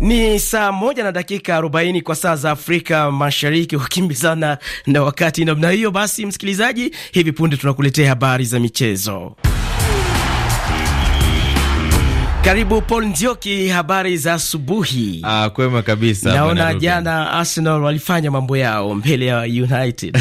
Ni saa moja na dakika arobaini kwa saa za Afrika Mashariki, hukimbizana na wakati namna hiyo. Basi msikilizaji, hivi punde tunakuletea habari za michezo. Karibu Paul Nzioki, habari za asubuhi. Ah, kwema kabisa. Naona jana Arsenal walifanya mambo yao mbele ya United.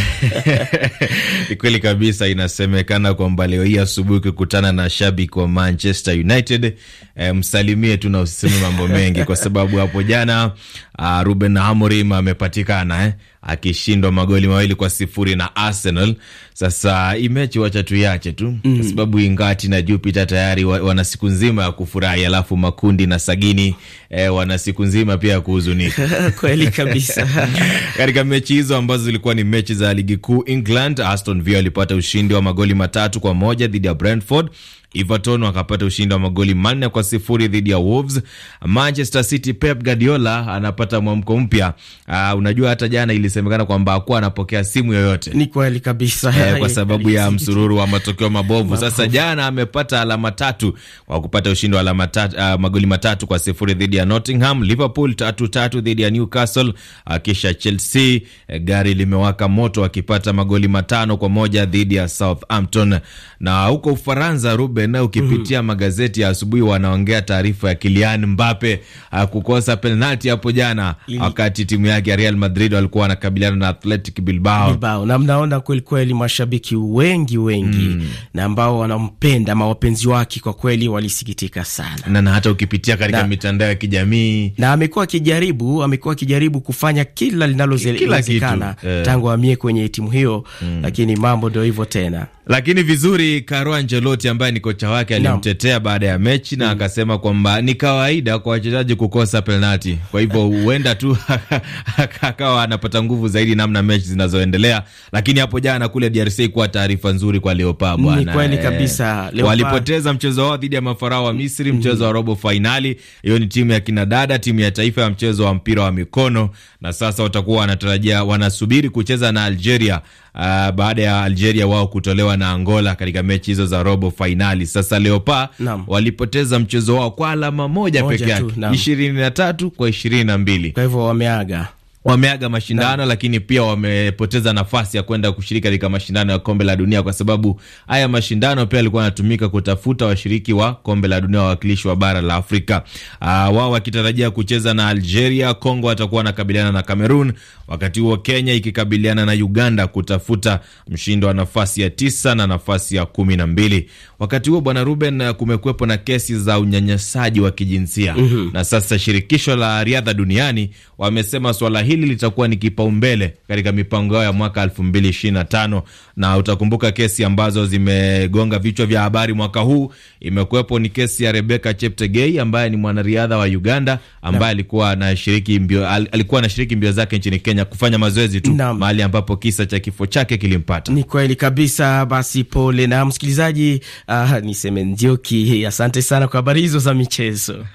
Ni kweli kabisa, inasemekana kwamba leo hii asubuhi ukikutana na shabiki wa Manchester United eh, msalimie tu na usiseme mambo mengi kwa sababu hapo jana uh, Ruben Amorim amepatikana eh, akishindwa magoli mawili kwa sifuri na Arsenal sasa hii mechi wacha tuiache tu mm. kwa mm sababu ingati na Jupita tayari wana siku nzima ya kufurahi, alafu makundi na sagini eh, wana siku nzima pia ya kuhuzunika kweli kabisa katika mechi hizo ambazo zilikuwa ni mechi za ligi kuu England, Aston Villa walipata ushindi wa magoli matatu kwa moja dhidi ya Brentford. Everton wakapata ushindi wa magoli manne kwa sifuri dhidi ya Wolves. Manchester City, Pep Guardiola anapata mwamko mpya. Uh, unajua hata jana ilisemekana kwamba hakuwa anapokea simu yoyote. Ni kweli kabisa eh, kwa sababu ya msururu wa matokeo mabovu. Sasa jana amepata alama tatu kwa kupata ushindi wa alama tatu, uh, ah, magoli matatu kwa sifuri dhidi ya Nottingham, Liverpool tatu tatu dhidi ya Newcastle, uh, kisha Chelsea uh, gari limewaka moto akipata magoli matano kwa moja dhidi ya Southampton. Na huko Ufaransa, Ruben, ukipitia mm -hmm. magazeti ya asubuhi wanaongea taarifa ya Kylian Mbappe uh, kukosa penalti hapo jana Ili. wakati timu yake ya Real Madrid walikuwa wanakabiliana na Athletic Bilbao. Bilbao. Na mnaona kweli kweli mashabiki wengi wengi mm. na ambao wanampenda ama wapenzi wake kwa kweli walisikitika sana na, na hata ukipitia katika mitandao ya kijamii na amekuwa akijaribu amekuwa akijaribu kufanya kila linalowezekana eh, tangu amie kwenye timu hiyo mm. lakini mambo ndio hivyo tena. Lakini vizuri, Carlo Ancelotti ambaye ni kocha wake alimtetea baada ya mechi na mm. akasema kwamba ni kawaida kwa wachezaji kukosa penalti, kwa hivyo huenda tu akawa anapata nguvu zaidi namna mechi zinazoendelea, lakini hapo jana kule DRC kuwa taarifa nzuri kwa Leopards bwana. Ni kweli kabisa. E, walipoteza mchezo wao dhidi ya mafarao wa Misri mm -hmm. mchezo wa robo fainali. Hiyo ni timu ya kinadada, timu ya taifa ya mchezo wa mpira wa mikono, na sasa watakuwa wanatarajia, wanasubiri kucheza na Algeria uh, baada ya Algeria wao kutolewa na Angola katika mechi hizo za robo fainali. Sasa leopa walipoteza mchezo wao kwa alama moja peke yake, ishirini na tatu kwa ishirini na mbili. Kwa hivyo wameaga wameaga mashindano na, lakini pia wamepoteza nafasi ya kwenda kushiriki katika mashindano ya kombe la dunia, kwa sababu haya mashindano pia yalikuwa yanatumika kutafuta washiriki wa kombe la dunia, wawakilishi wa bara la Afrika. Uh, wao wakitarajia kucheza na Algeria, Congo watakuwa wanakabiliana na Cameroon, wakati huo Kenya ikikabiliana na Uganda kutafuta mshindi wa nafasi ya tisa na nafasi ya kumi na mbili. Wakati huo bwana Ruben, eh, kumekuwepo na kesi za unyanyasaji wa kijinsia mm -hmm. na sasa shirikisho la riadha duniani wamesema swala hili hili litakuwa ni kipaumbele katika mipango yao ya mwaka 2025 na utakumbuka kesi ambazo zimegonga vichwa vya habari mwaka huu imekuwepo ni kesi ya Rebecca Cheptegei ambaye ni mwanariadha wa Uganda ambaye alikuwa anashiriki mbio alikuwa anashiriki mbio zake nchini Kenya kufanya mazoezi tu mahali ambapo kisa cha kifo chake kilimpata. Ni kweli kabisa. Basi pole na msikilizaji, uh, niseme Njoki, asante sana kwa habari hizo za michezo.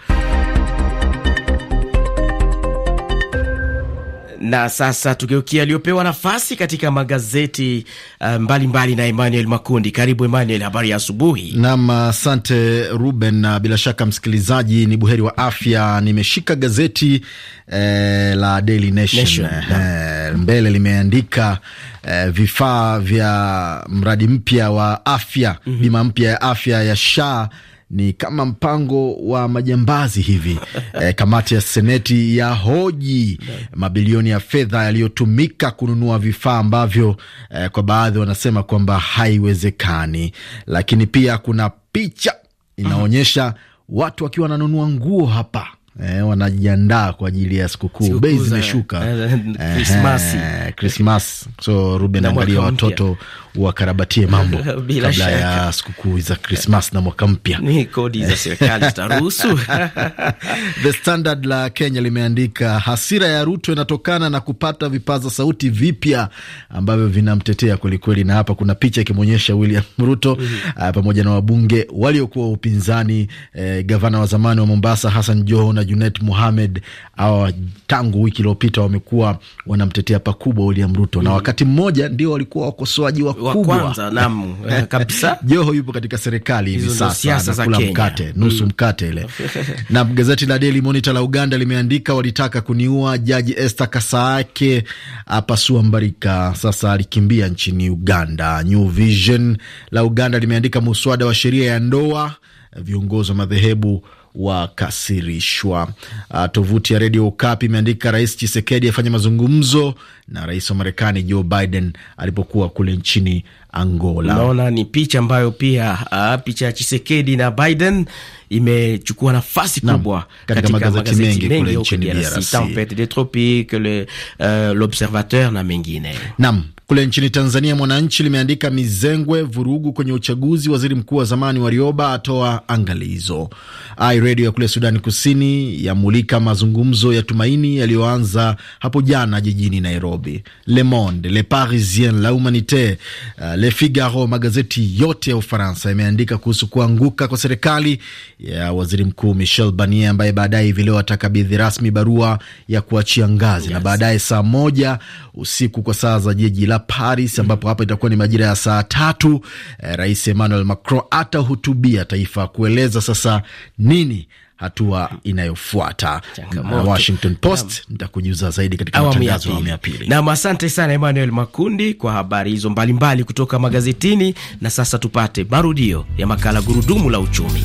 Na sasa tugeukia aliyopewa nafasi katika magazeti uh, mbalimbali uh, mbali na Emmanuel Makundi. Karibu Emmanuel, habari ya asubuhi. Naam, asante Ruben, na bila shaka msikilizaji ni buheri wa afya. Nimeshika gazeti eh, la Daily Nation, Nation eh, mbele limeandika eh, vifaa vya mradi mpya wa afya mm -hmm. bima mpya ya afya ya sha ni kama mpango wa majambazi hivi. E, kamati ya seneti ya hoji mabilioni ya fedha yaliyotumika kununua vifaa ambavyo e, kwa baadhi wanasema kwamba haiwezekani, lakini pia kuna picha inaonyesha watu wakiwa wananunua nguo hapa Eh, wanajiandaa kwa ajili ya sikukuu, bei zimeshuka Krismasi, eh, eh, Krismas. So Ruben, angalia watoto wakarabatie mambo kabla shaka ya sikukuu za Krismas na mwaka mpya. Ni kodi za serikali zitaruhusu. The Standard la Kenya limeandika hasira ya Ruto inatokana na kupata vipaza sauti vipya ambavyo vinamtetea kwelikweli, na hapa kuna picha ikimwonyesha William Ruto mm -hmm. pamoja na wabunge waliokuwa upinzani, eh, gavana wa zamani wa Mombasa Hassan Joho na Junet Mohamed awa, tangu wiki iliyopita wamekuwa wanamtetea pakubwa William Ruto mm. na wakati mmoja ndio walikuwa wakosoaji wakubwa eh, kabisa. Joho yupo katika serikali hivi sasa, nakula mkate nusu mm. mkate ile na gazeti la Daily Monitor la Uganda limeandika walitaka kuniua, Jaji Esther Kasaake apasua mbarika, sasa alikimbia nchini Uganda. New Vision la Uganda limeandika muswada wa sheria ya ndoa, viongozi wa madhehebu wakasirishwa. Uh, tovuti ya redio Ukapi imeandika Rais Chisekedi afanya mazungumzo na rais wa Marekani Joe Biden alipokuwa kule nchini Angola. Naona ni picha ambayo pia uh, picha ya Chisekedi na Biden imechukua nafasi kubwa katika magazeti mengi kule nchini DRC, Tempete des Tropiques, euh, l'Observateur na mengine. Naam, kule nchini Tanzania, Mwananchi limeandika mizengwe vurugu kwenye uchaguzi, waziri mkuu wa zamani Warioba atoa angalizo. Ai ya kule Sudani Kusini yamulika mazungumzo ya tumaini yaliyoanza hapo jana jijini Nairobi. Le Monde, Le Parisien, La Humanite, uh, Le Figaro, magazeti yote ya Ufaransa yameandika kuhusu kuanguka kwa serikali ya waziri mkuu Michel Barnier ambaye baadaye hivi leo atakabidhi rasmi barua ya kuachia ngazi yes, na baadaye saa moja usiku kwa saa za jiji la Paris, ambapo hapa itakuwa ni majira ya saa tatu. Eh, Rais Emmanuel Macron atahutubia taifa kueleza sasa nini hatua inayofuata. Washington Post nitakujuza zaidi katika matangazo awamu ya pili. Nam, asante sana Emmanuel Makundi kwa habari hizo mbalimbali kutoka magazetini. Na sasa tupate marudio ya makala Gurudumu la Uchumi.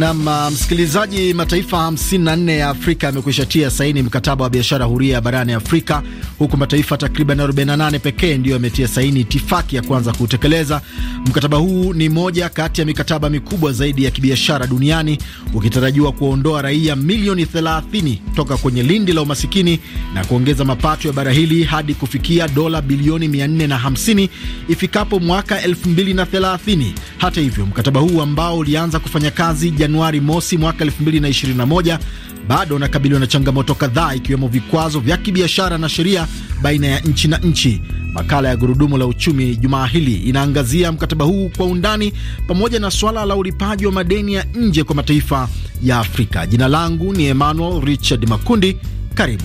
Nam uh, msikilizaji, mataifa 54 ya Afrika yamekwisha tia saini mkataba wa biashara huria barani Afrika, huku mataifa takriban 48 pekee ndiyo yametia saini itifaki ya kwanza kuutekeleza. Mkataba huu ni moja kati ya mikataba mikubwa zaidi ya kibiashara duniani, ukitarajiwa kuwaondoa raia milioni 30 toka kwenye lindi la umasikini na kuongeza mapato ya bara hili hadi kufikia dola bilioni 450 ifikapo mwaka 2030. Hata hivyo, mkataba huu ambao ulianza kufanya kazi Januari mosi mwaka 2021 bado anakabiliwa na changamoto kadhaa ikiwemo vikwazo vya kibiashara na sheria baina ya nchi na nchi. Makala ya Gurudumu la Uchumi jumaa hili inaangazia mkataba huu kwa undani pamoja na swala la ulipaji wa madeni ya nje kwa mataifa ya Afrika. Jina langu ni Emmanuel Richard Makundi. Karibu.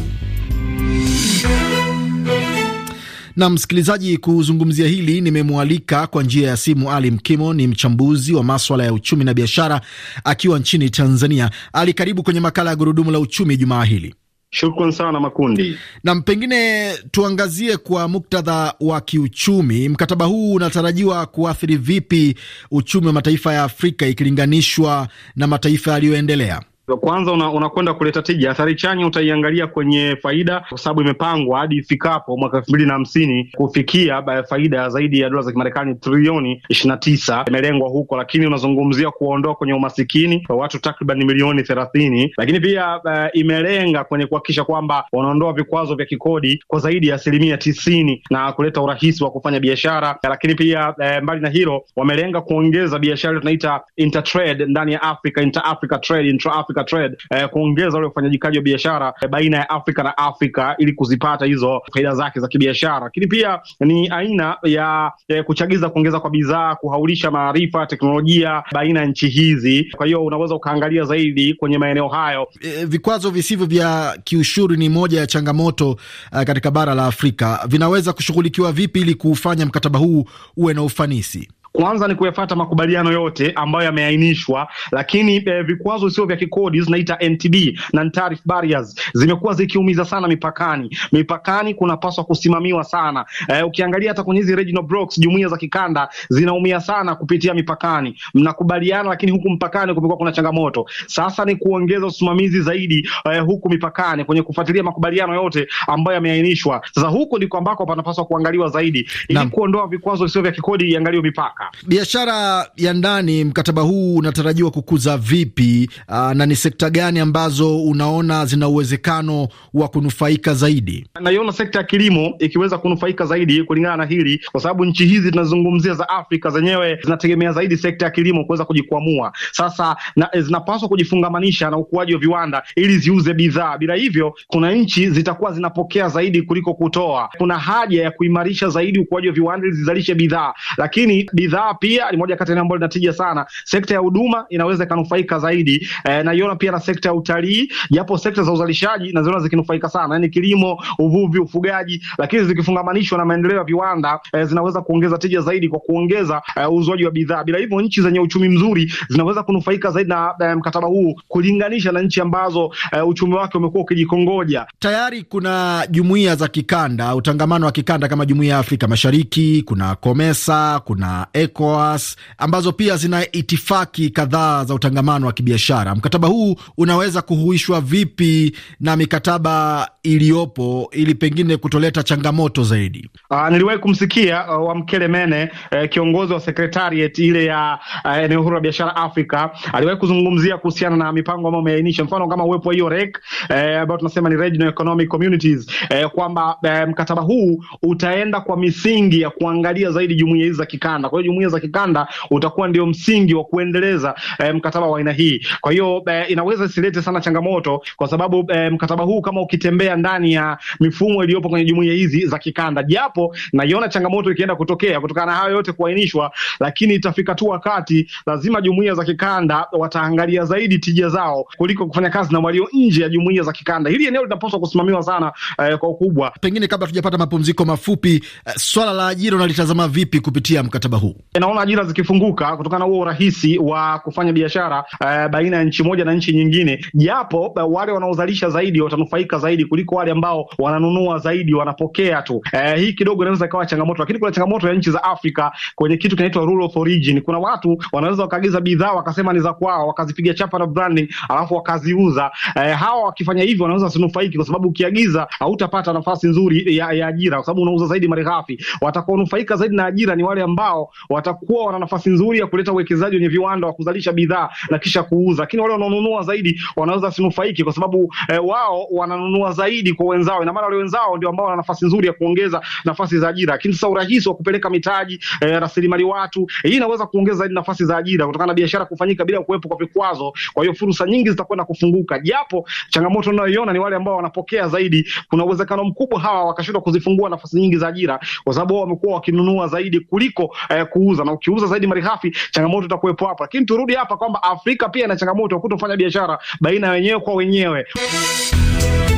Na msikilizaji, kuzungumzia hili nimemwalika kwa njia ya simu Ali Mkimo, ni mchambuzi wa maswala ya uchumi na biashara akiwa nchini Tanzania. Ali, karibu kwenye makala ya gurudumu la uchumi jumaa hili. Shukran sana Makundi. Nam, pengine tuangazie kwa muktadha wa kiuchumi, mkataba huu unatarajiwa kuathiri vipi uchumi wa mataifa ya Afrika ikilinganishwa na mataifa yaliyoendelea? Kwanza unakwenda una kuleta tija. Athari chanya utaiangalia kwenye faida, kwa sababu imepangwa hadi ifikapo mwaka elfu mbili na hamsini kufikia faida zaidi ya dola za Kimarekani trilioni ishirini na tisa imelengwa huko, lakini unazungumzia kuwaondoa kwenye umasikini kwa watu takriban milioni thelathini, lakini pia uh, imelenga kwenye kuhakikisha kwamba wanaondoa vikwazo vya kikodi kwa zaidi ya asilimia tisini na kuleta urahisi wa kufanya biashara, lakini pia uh, mbali na hilo wamelenga kuongeza biashara tunaita intertrade ndani ya Afrika, inter Africa trade, intra Africa Africa Trade eh, kuongeza ule ufanyajikaji wa biashara eh, baina ya Afrika na Afrika ili kuzipata hizo faida zake za kibiashara, lakini pia ni aina ya eh, kuchagiza kuongeza kwa bidhaa, kuhaulisha maarifa, teknolojia baina ya nchi hizi. Kwa hiyo unaweza ukaangalia zaidi kwenye maeneo hayo. E, vikwazo visivyo vya kiushuru ni moja ya changamoto uh, katika bara la Afrika. Vinaweza kushughulikiwa vipi ili kuufanya mkataba huu uwe na ufanisi? Kwanza ni kuyafuata makubaliano yote ambayo yameainishwa, lakini eh, vikwazo sio vya kikodi zinaita NTB na tariff barriers zimekuwa zikiumiza sana mipakani. Mipakani kunapaswa kusimamiwa sana. Eh, ukiangalia hata kwenye hizi regional blocks, jumuiya za kikanda zinaumia sana kupitia mipakani. Mnakubaliana, lakini huku mpakani kumekuwa kuna changamoto. Sasa ni kuongeza usimamizi zaidi eh, huku mipakani kwenye kufuatilia makubaliano yote ambayo yameainishwa. Sasa huko ndiko ambako panapaswa kuangaliwa zaidi ili kuondoa vikwazo sio vya kikodi, iangaliwe mipaka. Biashara ya ndani, mkataba huu unatarajiwa kukuza vipi, ah, na ni sekta gani ambazo unaona zina uwezekano wa kunufaika zaidi? Naiona sekta ya kilimo ikiweza kunufaika zaidi kulingana na hili, kwa sababu nchi hizi tunazungumzia za Afrika zenyewe zinategemea zaidi sekta ya kilimo kuweza kujikwamua. Sasa na, eh, zinapaswa kujifungamanisha na ukuaji wa viwanda ili ziuze bidhaa. Bila hivyo, kuna nchi zitakuwa zinapokea zaidi kuliko kutoa. Kuna haja ya kuimarisha zaidi ukuaji wa viwanda ili zizalishe bidhaa, lakini bidhaa bidhaa pia ni moja kati ya ambayo linatija sana. Sekta ya huduma inaweza ikanufaika zaidi e, naiona pia na sekta ya utalii, japo sekta za uzalishaji naziona zikinufaika sana, yani kilimo, uvuvi, ufugaji, lakini zikifungamanishwa na maendeleo ya viwanda e, zinaweza kuongeza tija zaidi kwa kuongeza eh, uuzwaji e, wa bidhaa. Bila hivyo, nchi zenye uchumi mzuri zinaweza kunufaika zaidi na e, mkataba huu kulinganisha na nchi ambazo e, uchumi wake umekuwa ukijikongoja. Tayari kuna jumuiya za kikanda, utangamano wa kikanda kama jumuiya ya Afrika Mashariki, kuna Komesa, kuna ECOWAS ambazo pia zina itifaki kadhaa za utangamano wa kibiashara. Mkataba huu unaweza kuhuishwa vipi na mikataba iliyopo ili pengine kutoleta changamoto zaidi? Uh, niliwahi kumsikia uh, ah, Wamkele Mene uh, eh, kiongozi wa sekretariat ile ya uh, eneo huru la biashara Afrika aliwahi kuzungumzia kuhusiana na mipango ambayo ameainisha, mfano kama uwepo wa hiyo REC eh, ambayo uh, tunasema ni Regional Economic Communities uh, kwamba uh, mkataba huu utaenda kwa misingi ya kuangalia zaidi jumuiya hizi za kikanda kwa jumuiya za kikanda utakuwa ndio msingi wa kuendeleza e, mkataba wa aina hii. Kwa hiyo e, inaweza isilete sana changamoto kwa sababu e, mkataba huu kama ukitembea ndani ya mifumo iliyopo kwenye jumuiya hizi za kikanda, japo naiona changamoto ikienda kutokea kutokana na hayo yote kuainishwa, lakini itafika tu wakati lazima jumuiya za kikanda wataangalia zaidi tija zao kuliko kufanya kazi na walio nje ya jumuiya za kikanda. Hili eneo linapaswa kusimamiwa sana e, kwa ukubwa. Pengine kabla tujapata mapumziko mafupi, swala la ajira unalitazama vipi kupitia mkataba huu? E naona ajira zikifunguka kutokana na huo urahisi wa kufanya biashara uh, baina ya nchi moja na nchi nyingine, japo uh, wale wanaozalisha zaidi watanufaika zaidi kuliko wale ambao wananunua zaidi, wanapokea tu. Uh, hii kidogo inaweza ikawa changamoto, lakini kuna changamoto ya nchi za Afrika kwenye kitu kinaitwa rule of origin. Kuna watu wanaweza wakaagiza bidhaa wakasema ni za kwao, wakazipiga chapa na branding, alafu wakaziuza. Uh, hawa wakifanya hivyo wanaweza sinufaiki, kwa sababu ukiagiza hautapata nafasi nzuri ya, ya ajira, kwa sababu unauza zaidi malighafi. Watakaonufaika zaidi na ajira ni wale ambao watakuwa wana nafasi nzuri ya kuleta uwekezaji wenye viwanda wa kuzalisha bidhaa na kisha kuuza, lakini wale wanaonunua zaidi wanaweza sinufaiki kwa sababu eh, wao wananunua zaidi kwa wenzao. Ina maana wale wenzao ndio ambao wana nafasi nzuri ya kuongeza nafasi za ajira, lakini sasa urahisi wa kupeleka mitaji eh, rasilimali watu, eh, hii inaweza kuongeza zaidi nafasi za ajira kutokana na biashara kufanyika bila kuwepo kwa vikwazo. Kwa hiyo fursa nyingi zitakuwa na kufunguka, japo changamoto tunayoiona ni wale ambao wanapokea zaidi. Kuna uwezekano mkubwa hawa wakashindwa kuzifungua nafasi nyingi za ajira kwa sababu wao wamekuwa wakinunua zaidi kuliko eh, kuuza, na ukiuza zaidi malighafi, changamoto itakuwepo hapa. Lakini turudi hapa kwamba Afrika pia ina changamoto ya kutofanya biashara baina ya wenyewe kwa wenyewe.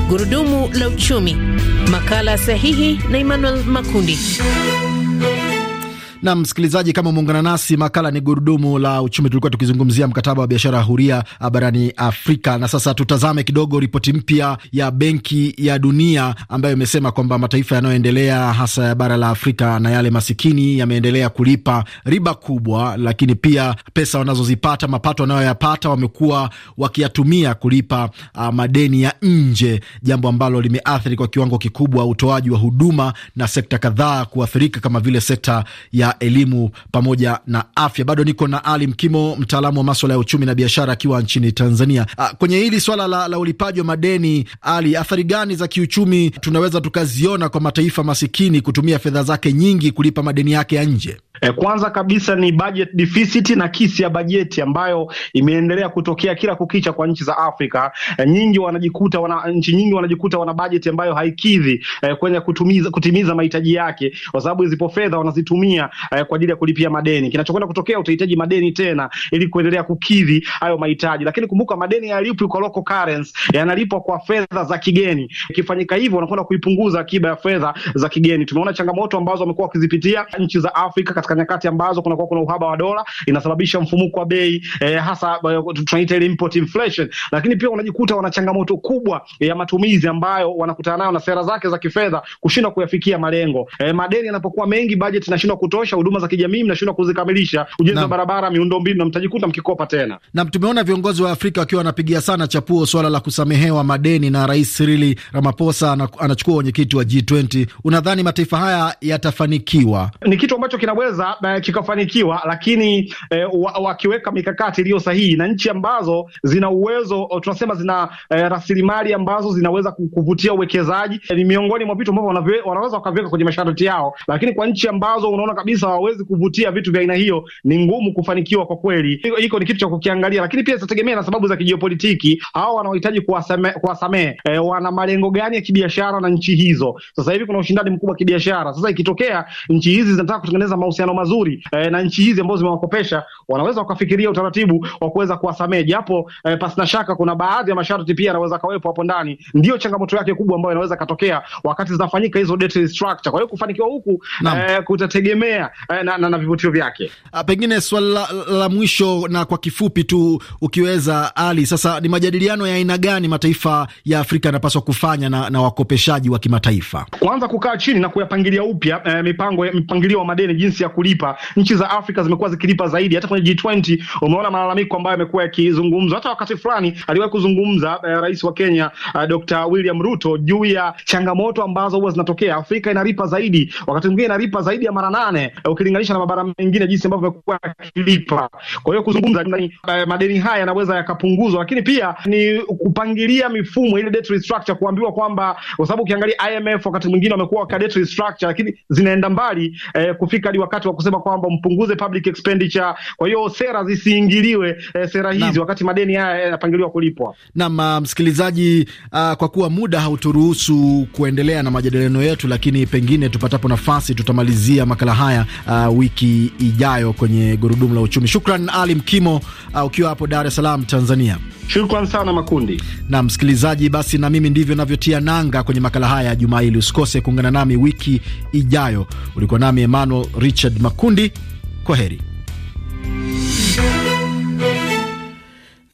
Gurudumu la Uchumi, makala sahihi na Emmanuel Makundi. Na msikilizaji, kama umeungana nasi, makala ni gurudumu la uchumi. Tulikuwa tukizungumzia mkataba wa biashara huria uh, barani Afrika, na sasa tutazame kidogo ripoti mpya ya Benki ya Dunia ambayo imesema kwamba mataifa yanayoendelea hasa ya bara la Afrika na yale masikini yameendelea kulipa riba kubwa, lakini pia pesa wanazozipata, mapato wanayoyapata, wamekuwa wakiyatumia kulipa uh, madeni ya nje, jambo ambalo limeathiri kwa kiwango kikubwa utoaji wa huduma na sekta kadhaa kuathirika kama vile sekta ya ya elimu pamoja na afya. Bado niko na Ali Mkimo, mtaalamu wa maswala ya uchumi na biashara, akiwa nchini Tanzania. A, ah, kwenye hili swala la, la ulipaji wa madeni, Ali, athari gani za kiuchumi tunaweza tukaziona kwa mataifa masikini kutumia fedha zake nyingi kulipa madeni yake ya nje? E, kwanza kabisa ni budget deficit na kisi ya bajeti ambayo imeendelea kutokea kila kukicha kwa nchi za Afrika. E, nyingi wanajikuta wana, nchi nyingi wanajikuta wana budget ambayo haikidhi e, eh, kwenye kutumiza, kutimiza mahitaji yake, kwa sababu zipo fedha wanazitumia e, kwa ajili ya kulipia madeni. Kinachokwenda kutokea utahitaji madeni tena ili kuendelea kukidhi hayo mahitaji, lakini kumbuka madeni yalipwi kwa local currency, yanalipwa kwa fedha za kigeni. Ikifanyika hivyo, wanakwenda kuipunguza akiba ya fedha za kigeni. Tumeona changamoto ambazo wamekuwa wakizipitia nchi za Afrika katika nyakati ambazo kunakuwa kuna uhaba wa dola, inasababisha mfumuko wa bei eh, hasa eh, tunaita ile import inflation, lakini pia unajikuta wana changamoto kubwa ya matumizi ambayo wanakutana nayo na sera zake za kifedha kushindwa kuyafikia malengo. Eh, madeni yanapokuwa mengi, budget inashindwa kutosha, huduma za kijamii mnashindwa kuzikamilisha, ujenzi wa barabara, miundombinu, na mtajikuta mkikopa tena. Na tumeona viongozi wa Afrika wakiwa wanapigia sana chapuo swala la kusamehewa madeni, na Rais Cyril Ramaphosa anachukua wenyekiti wa G20. Unadhani mataifa haya yatafanikiwa? Ni kitu ambacho kinaweza kuweza eh, kikafanikiwa, lakini eh, wakiweka mikakati iliyo sahihi na nchi ambazo zina uwezo eh, tunasema zina eh, rasilimali ambazo zinaweza kuvutia uwekezaji eh, ni miongoni mwa vitu ambavyo wanaweza wakaviweka kwenye masharti yao, lakini kwa nchi ambazo unaona kabisa hawawezi kuvutia vitu vya aina hiyo ni ngumu kufanikiwa kwa kweli. Hiko ni kitu cha kukiangalia, lakini pia zitategemea na sababu za kijiopolitiki. Hao wanaohitaji kuwasamehe e, wana malengo gani ya kibiashara na nchi hizo? Sasa hivi kuna ushindani mkubwa wa kibiashara. Sasa ikitokea nchi hizi zinataka kutengeneza mahusiano mahusiano mazuri eh, na nchi hizi ambazo zimewakopesha, wanaweza wakafikiria utaratibu wa kuweza kuwasamehe, japo eh, pasina shaka kuna baadhi ya masharti pia yanaweza kawepo hapo ndani. Ndio changamoto yake kubwa ambayo inaweza katokea wakati zinafanyika hizo debt restructure. Kwa hiyo kufanikiwa huku eh, kutategemea eh, na, na, na vivutio vyake. Ah, pengine swali la, la mwisho na kwa kifupi tu ukiweza, Ali, sasa ni majadiliano ya aina gani mataifa ya Afrika yanapaswa kufanya na, na wakopeshaji wa kimataifa? Kwanza kukaa chini na kuyapangilia upya eh, mipango mipangilio wa madeni jinsi ya kulipa. Nchi za Afrika zimekuwa zikilipa zaidi, hata kwenye G20 umeona malalamiko ambayo yamekuwa yakizungumzwa. Hata wakati fulani aliwahi kuzungumza eh, rais wa Kenya eh, Dr. William Ruto juu ya changamoto ambazo huwa zinatokea. Afrika inalipa zaidi, wakati mwingine inalipa zaidi ya mara nane eh, ukilinganisha na mabara mengine jinsi ambavyo yamekuwa yakilipa. Kwa hiyo kuzungumza ni, eh, madeni haya yanaweza yakapunguzwa, lakini pia ni kupangilia mifumo ile debt restructure, kuambiwa kwamba kwa sababu ukiangalia IMF wakati mwingine wamekuwa kwa debt restructure, lakini zinaenda mbali eh, kufika hadi wakati wakati wa kusema kwamba mpunguze public expenditure, kwa hiyo sera zisiingiliwe eh, sera hizi na, wakati madeni haya yanapangiliwa kulipwa. Naam uh, msikilizaji, uh, kwa kuwa muda hauturuhusu kuendelea na majadiliano yetu, lakini pengine tupatapo nafasi tutamalizia makala haya uh, wiki ijayo kwenye gurudumu la uchumi. Shukran Ali Mkimo uh, ukiwa hapo Dar es Salaam Tanzania. Shukran sana Makundi. Na msikilizaji, basi na mimi ndivyo navyotia nanga kwenye makala haya ya Jumaa hili. Usikose kuungana nami wiki ijayo. Ulikuwa nami Emmanuel Richard Richard Makundi, kwa heri.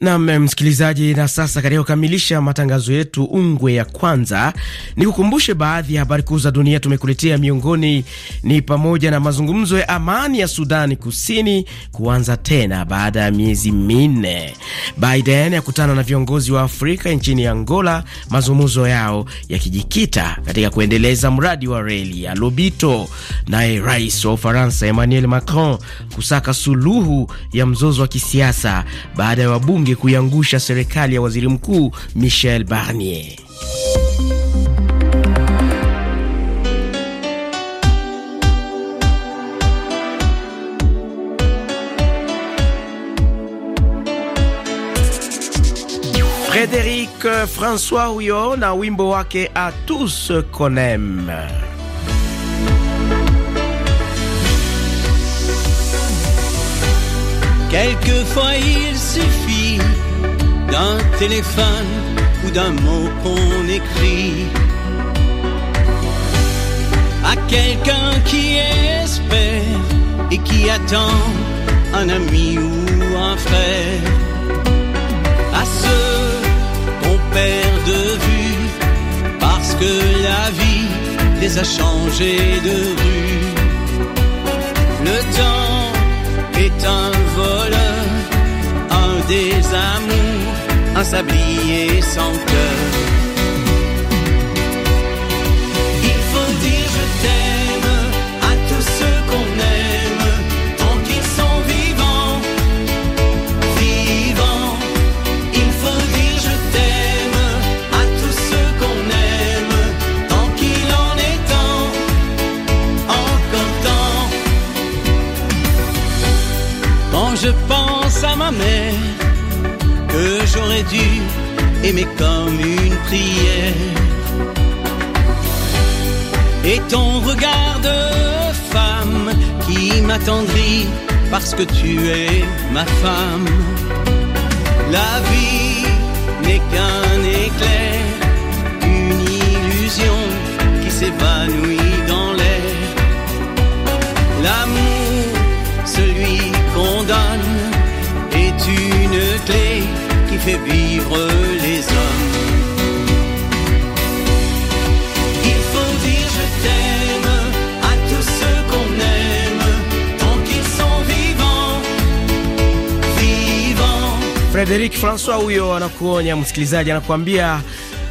Nam msikilizaji, na sasa katika kukamilisha matangazo yetu ungwe ya kwanza, ni kukumbushe baadhi ya habari kuu za dunia tumekuletea. Miongoni ni pamoja na mazungumzo ya amani ya Sudani Kusini kuanza tena baada ya miezi minne, Biden akutana na viongozi wa Afrika nchini Angola, mazungumzo yao yakijikita katika kuendeleza mradi wa reli ya Lobito, naye rais wa Ufaransa Emmanuel Macron kusaka suluhu ya mzozo wa kisiasa baada ya wabunge bunge kuiangusha serikali ya waziri mkuu Michel Barnier. frédéric euh, françois huyo na wimbo wake a tous qu'on aime. Quelquefois il suffit d'un téléphone ou d'un mot qu'on écrit à quelqu'un qui espère et qui attend un ami ou un frère, à ceux qu'on perd de vue parce que la vie les a changés de rue. Le temps est un voleur, un désamour, un sablier sans cœur. parce que tu es ma femme. La vie n'est qu'un éclair, une illusion qui s'évanouit dans l'air. L'amour, celui qu'on donne, est une clé qui fait vivre Frederic Francois huyo anakuonya msikilizaji, anakuambia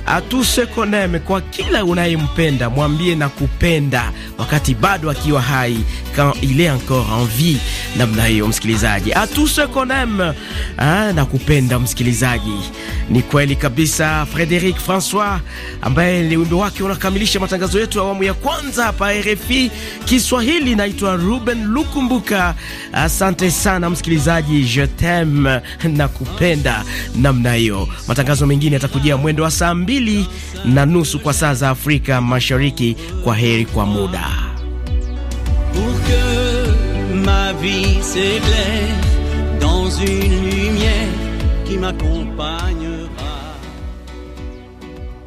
atusekoneme kwa kila unayempenda, mwambie na kupenda wakati bado akiwa hai, quand il est encore en vie namna hiyo, msikilizaji. Atuse konem na kupenda msikilizaji, ni kweli kabisa. Frederic Francois ambaye ni wimbo wake unakamilisha matangazo yetu ya awamu ya kwanza hapa RFI Kiswahili. Naitwa Ruben Lukumbuka, asante sana msikilizaji, je t'aime na kupenda namna hiyo. Matangazo mengine yatakujia mwendo wa saa mbili na nusu kwa saa za Afrika Mashariki. Kwa heri kwa muda. vie s'éclaire dans une lumière qui m'accompagne.